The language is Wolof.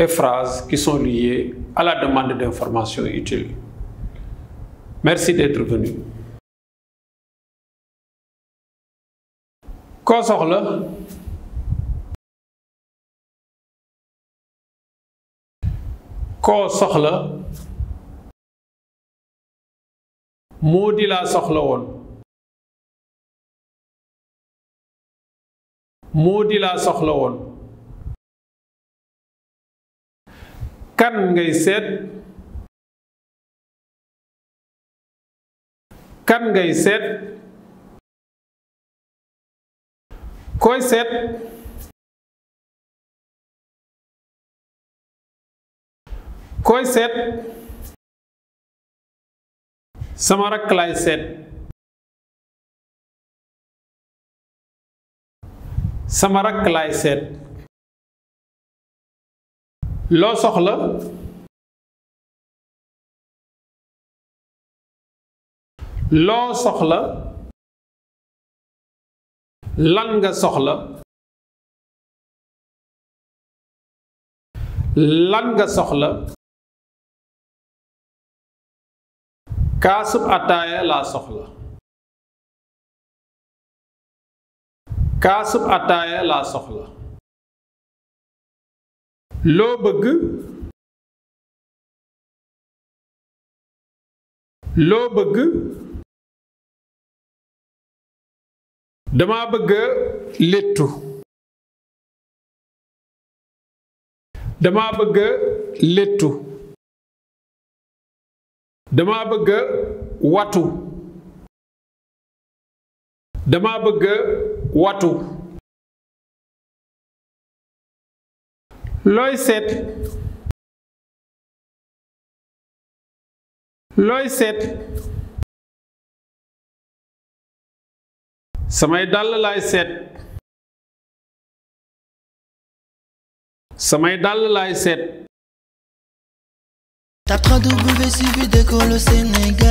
et phrases qui sont liées à la Merci d'être venu. koo soxla koo soxla moo di laa soxla woon moo di laa soxla woon kan ngay seet kan ngay seet koy seet koy seet sama rakk laay seet sama rakk laay seet loo soxla loo soxla lan nga soxla lan nga soxla kaasub ataaya la soxla kaasub ataaya laa soxla loo bëgg loo bëgg damaa bëgg a léttu damaa bëgg a damaa bëgg a damaa bëgg a looy seet looy seet samay dàll laay seet samay dàll laay seet. Tape www.suividecole Sénégal